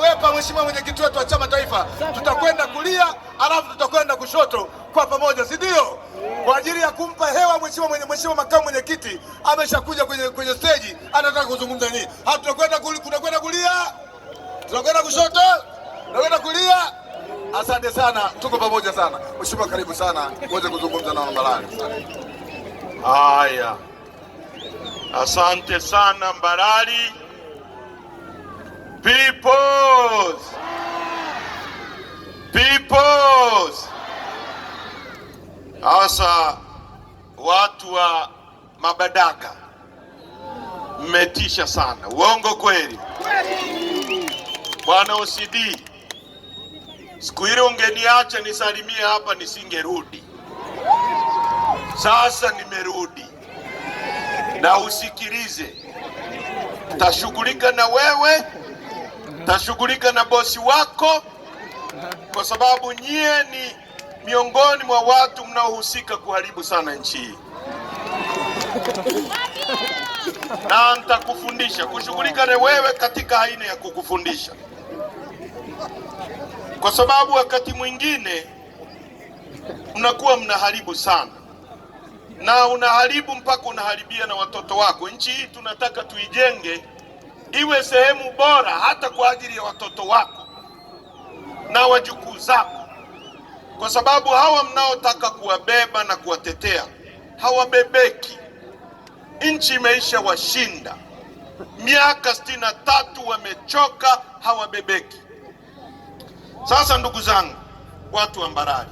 Wepa, mheshimiwa mwenyekiti wetu wa chama taifa, tutakwenda kulia alafu tutakwenda kushoto kwa pamoja, si ndio? Kwa ajili ya kumpa hewa mheshimiwa mwenye mheshimiwa makamu mwenyekiti ameshakuja kwenye, kwenye stage anataka kuzungumza nini. Tutakwenda kulia, tutakwenda kushoto, tutakwenda kulia. Asante sana, tuko pamoja sana. Mheshimiwa, karibu sana uweze kuzungumza na Mbarali. Haya, asante sana Mbarali. Peoples. Peoples. Hasa watu wa mabadaka mmetisha sana. Uongo kweli? Bwana OCD, siku ile ungeniacha nisalimie hapa nisingerudi. Sasa nimerudi, na usikilize, tashughulika na wewe tashughulika na bosi wako, kwa sababu nyie ni miongoni mwa watu mnaohusika kuharibu sana nchi hii, na nitakufundisha kushughulika na wewe katika aina ya kukufundisha, kwa sababu wakati mwingine mnakuwa mnaharibu sana na unaharibu mpaka unaharibia na watoto wako. Nchi hii tunataka tuijenge iwe sehemu bora hata kwa ajili ya watoto wako na wajukuu zako, kwa sababu hawa mnaotaka kuwabeba na kuwatetea hawabebeki. Nchi imeisha washinda, miaka sitini na tatu wamechoka, hawabebeki. Sasa ndugu zangu, watu wa Mbarali,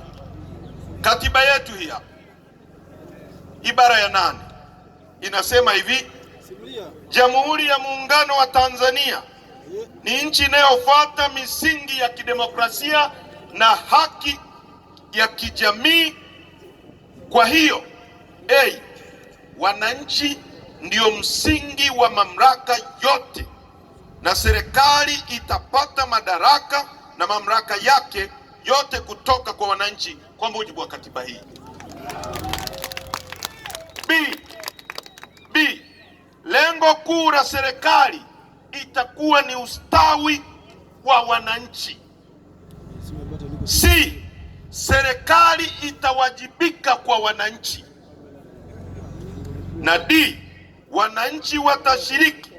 katiba yetu hii hapa ibara ya nane inasema hivi Jamhuri ya Muungano wa Tanzania ni nchi inayofuata misingi ya kidemokrasia na haki ya kijamii. Kwa hiyo hey, wananchi ndio msingi wa mamlaka yote, na serikali itapata madaraka na mamlaka yake yote kutoka kwa wananchi kwa mujibu wa katiba hii B lengo kuu la serikali itakuwa ni ustawi wa wananchi, si serikali itawajibika kwa wananchi, na d wananchi watashiriki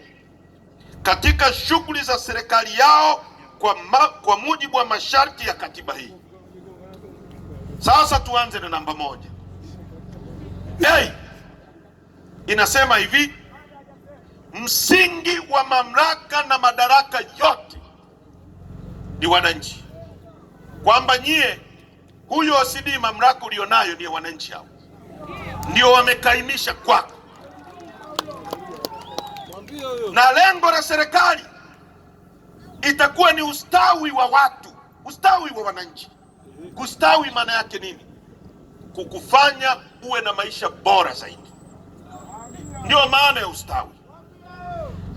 katika shughuli za serikali yao kwa, ma, kwa mujibu wa masharti ya katiba hii. Sasa tuanze na namba moja. Hey, inasema hivi Msingi wa mamlaka na madaraka yote ni wananchi, kwamba nyie, huyo OCD mamlaka ulionayo ni wananchi, hao ndio wamekaimisha kwako, na lengo la serikali itakuwa ni ustawi wa watu, ustawi wa wananchi. Kustawi maana yake nini? Kukufanya uwe na maisha bora zaidi, ndio maana ya ustawi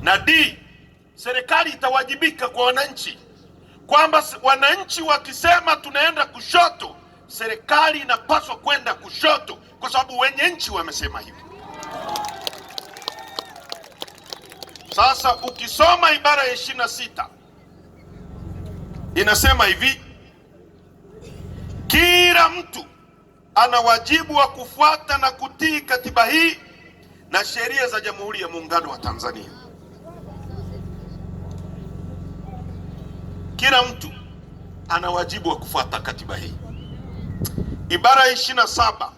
na D, serikali itawajibika kwa wananchi kwamba wananchi wakisema tunaenda kushoto, serikali inapaswa kwenda kushoto kwa sababu wenye nchi wamesema hivyo. Sasa ukisoma ibara ya ishirini na sita inasema hivi, kila mtu ana wajibu wa kufuata na kutii katiba hii na sheria za Jamhuri ya Muungano wa Tanzania. Kila mtu ana wajibu wa kufuata katiba hii. Ibara ya ishirini na saba,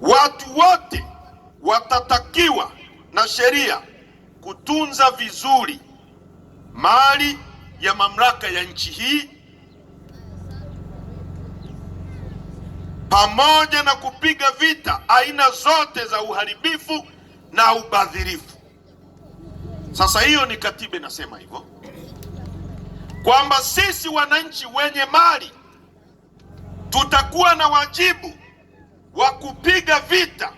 watu wote watatakiwa na sheria kutunza vizuri mali ya mamlaka ya nchi hii pamoja na kupiga vita aina zote za uharibifu na ubadhirifu. Sasa hiyo ni katiba inasema hivyo kwamba sisi wananchi wenye mali tutakuwa na wajibu wa kupiga vita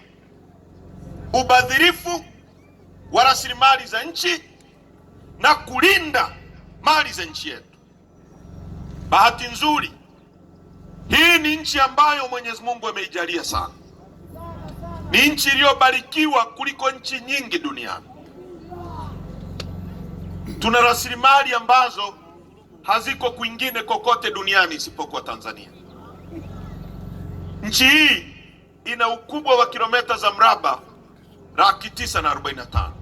ubadhirifu wa rasilimali za nchi na kulinda mali za nchi yetu. Bahati nzuri, hii ni nchi ambayo Mwenyezi Mungu ameijalia sana. Ni nchi iliyobarikiwa kuliko nchi nyingi duniani. Tuna rasilimali ambazo haziko kwingine kokote duniani isipokuwa Tanzania. Nchi hii ina ukubwa wa kilomita za mraba laki tisa na arobaini na tano.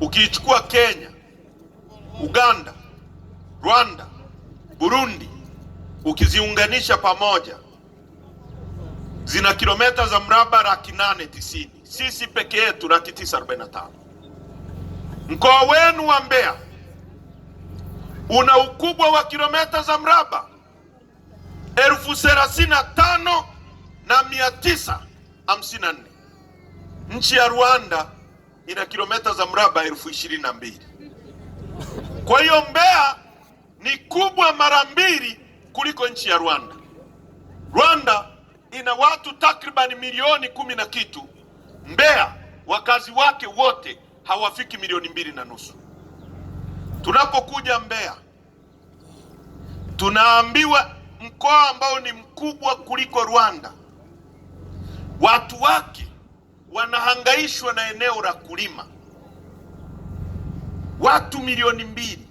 Ukiichukua Kenya, Uganda, Rwanda, Burundi, ukiziunganisha pamoja zina kilomita za mraba laki nane tisini. Sisi peke yetu laki tisa arobaini na tano. Mkoa wenu wa Mbeya una ukubwa wa kilomita za mraba elfu thelathini na tano na mia tisa hamsini na nne. Nchi ya Rwanda ina kilomita za mraba elfu ishirini na mbili. Kwa hiyo Mbeya ni kubwa mara mbili kuliko nchi ya Rwanda. Rwanda ina watu takribani milioni kumi na kitu. Mbeya wakazi wake wote hawafiki milioni mbili na nusu. Tunapokuja Mbeya tunaambiwa mkoa ambao ni mkubwa kuliko Rwanda, watu wake wanahangaishwa na eneo la kulima, watu milioni mbili.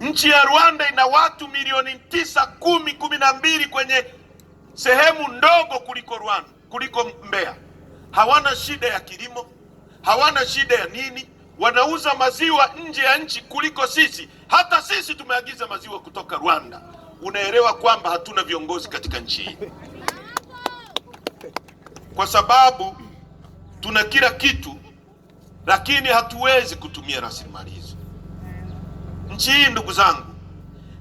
Nchi ya Rwanda ina watu milioni tisa, kumi, kumi na mbili kwenye sehemu ndogo kuliko Rwanda, kuliko Mbeya. Hawana shida ya kilimo, hawana shida ya nini wanauza maziwa nje ya nchi kuliko sisi. Hata sisi tumeagiza maziwa kutoka Rwanda. Unaelewa kwamba hatuna viongozi katika nchi hii, kwa sababu tuna kila kitu, lakini hatuwezi kutumia rasilimali hizo. Nchi hii, ndugu zangu,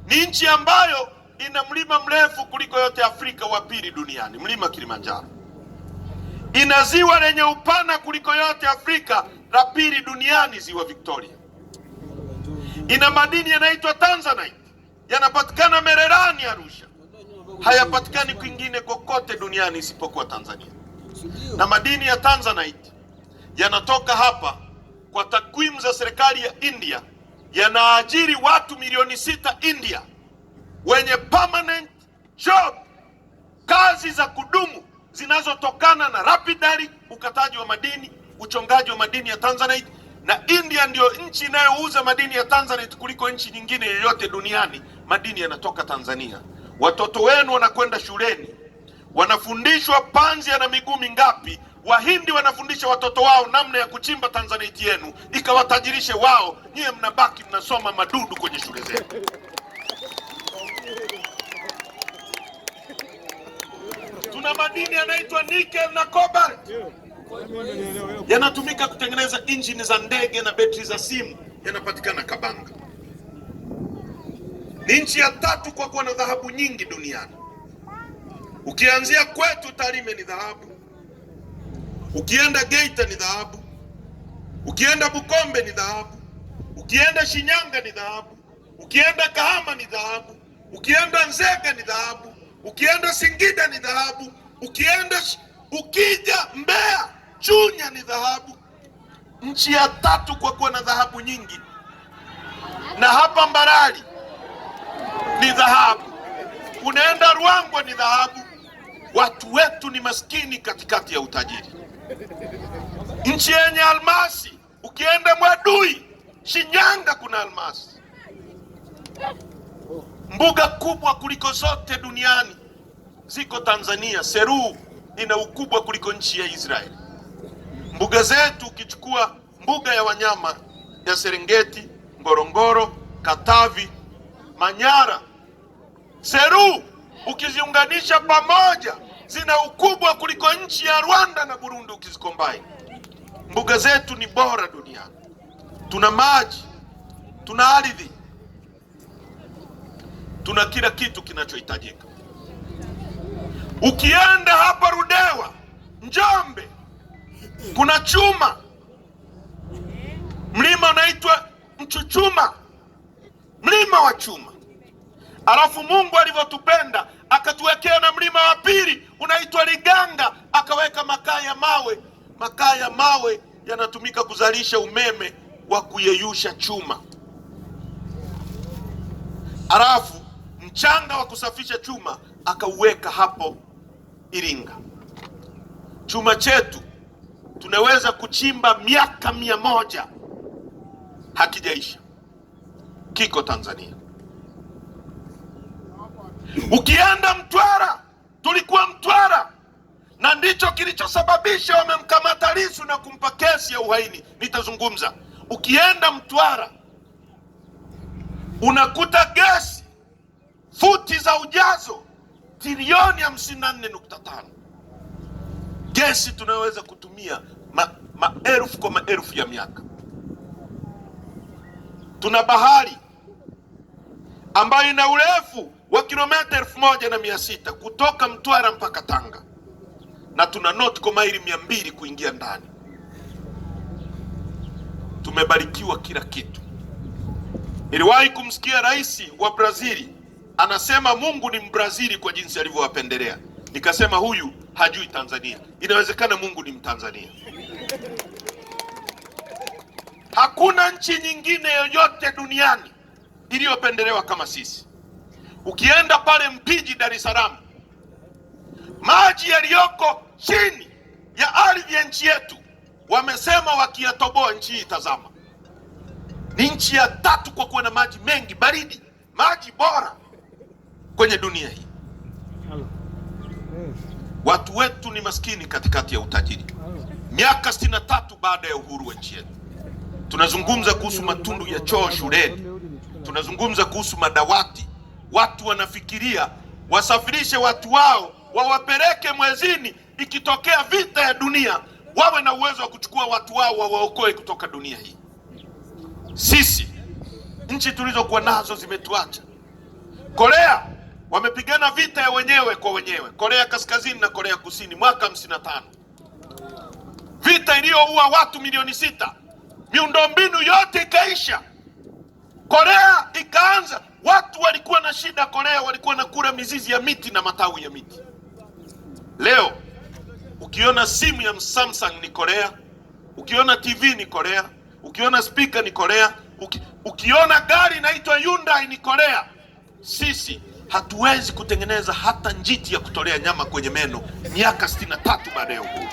ni nchi ambayo ina mlima mrefu kuliko yote Afrika, wa pili duniani, mlima Kilimanjaro. Ina ziwa lenye upana kuliko yote Afrika la pili duniani ziwa Victoria. Ina madini yanaitwa Tanzanite, yanapatikana Mererani Arusha, hayapatikani kwingine kokote duniani isipokuwa Tanzania. Na madini ya Tanzanite yanatoka hapa, kwa takwimu za serikali ya India yanaajiri watu milioni sita India wenye permanent job, kazi za kudumu zinazotokana na rapidary ukataji wa madini uchongaji wa madini ya Tanzanite na India ndiyo nchi inayouza madini ya Tanzanite kuliko nchi nyingine yoyote duniani. Madini yanatoka Tanzania. Watoto wenu wanakwenda shuleni wanafundishwa panzi na miguu mingapi. Wahindi wanafundisha watoto wao namna ya kuchimba Tanzanite yenu ikawatajirishe wao, nyiye mnabaki mnasoma madudu kwenye shule zenu. Tuna madini yanaitwa nickel na cobalt yanatumika kutengeneza injini za ndege na betri za simu yanapatikana Kabanga. Ni nchi ya tatu kwa kuwa na dhahabu nyingi duniani. Ukianzia kwetu Tarime ni dhahabu, ukienda Geita ni dhahabu, ukienda Bukombe ni dhahabu, ukienda Shinyanga ni dhahabu, ukienda Kahama ni dhahabu, ukienda Nzega ni dhahabu, ukienda Singida ni dhahabu, ukienda ukija Mbeya Chunya ni dhahabu, nchi ya tatu kwa kuwa na dhahabu nyingi, na hapa Mbarali ni dhahabu, unaenda Ruangwa ni dhahabu. Watu wetu ni maskini katikati ya utajiri, nchi yenye almasi. Ukienda Mwadui Shinyanga kuna almasi, mbuga kubwa kuliko zote duniani ziko Tanzania. Seru ina ukubwa kuliko nchi ya Israeli. Mbuga zetu ukichukua mbuga ya wanyama ya Serengeti, Ngorongoro, Katavi, Manyara, Seru ukiziunganisha pamoja zina ukubwa kuliko nchi ya Rwanda na Burundi ukizikombaini. Mbuga zetu ni bora duniani. Tuna maji, tuna ardhi, tuna kila kitu kinachohitajika. Ukienda hapa Rudewa, Njombe kuna chuma, mlima unaitwa Mchuchuma, mlima wa chuma. Alafu Mungu alivyotupenda akatuwekea na mlima wa pili unaitwa Liganga, akaweka makaa ya mawe. Makaa ya mawe yanatumika kuzalisha umeme wa kuyeyusha chuma. Alafu mchanga wa kusafisha chuma akauweka hapo Iringa. Chuma chetu tunaweza kuchimba miaka mia moja hakijaisha, kiko Tanzania. Ukienda Mtwara, tulikuwa Mtwara na ndicho kilichosababisha wamemkamata lisu na kumpa kesi ya uhaini. Nitazungumza. Ukienda Mtwara unakuta gesi futi za ujazo trilioni 54.5 gesi tunaweza kutumia ma, maelfu kwa maelfu ya miaka. Tuna bahari ambayo ina urefu wa kilomita elfu moja na mia sita kutoka Mtwara mpaka Tanga na tuna noti maili mia mbili kuingia ndani. Tumebarikiwa kila kitu. Niliwahi kumsikia rais wa Brazili anasema Mungu ni Mbrazili kwa jinsi alivyowapendelea, nikasema huyu hajui Tanzania. Inawezekana Mungu ni Mtanzania. Hakuna nchi nyingine yoyote duniani iliyopendelewa kama sisi. Ukienda pale Mpiji, Dar es Salaam, maji yaliyoko chini ya ardhi ya nchi yetu wamesema wakiyatoboa nchi hii, tazama, ni nchi ya tatu kwa kuwa na maji mengi baridi, maji bora kwenye dunia hii. Watu wetu ni maskini katikati ya utajiri. Miaka sitini na tatu baada ya uhuru wa nchi yetu, tunazungumza kuhusu matundu ya choo shuleni, tunazungumza kuhusu madawati. Watu wanafikiria wasafirishe watu wao wawapeleke mwezini, ikitokea vita ya dunia wawe na uwezo wa kuchukua watu wao wawaokoe kutoka dunia hii. Sisi nchi tulizokuwa nazo zimetuacha Korea wamepigana vita ya wenyewe kwa wenyewe Korea Kaskazini na Korea Kusini mwaka 55 vita iliyoua watu milioni sita, miundombinu yote ikaisha, Korea ikaanza. Watu walikuwa na shida Korea, walikuwa na kula mizizi ya miti na matawi ya miti. Leo ukiona simu ya Samsung ni Korea, ukiona TV ni Korea, ukiona spika ni Korea, uki, ukiona gari inaitwa Hyundai ni Korea. Sisi hatuwezi kutengeneza hata njiti ya kutolea nyama kwenye meno miaka 63 baada ya uhuru.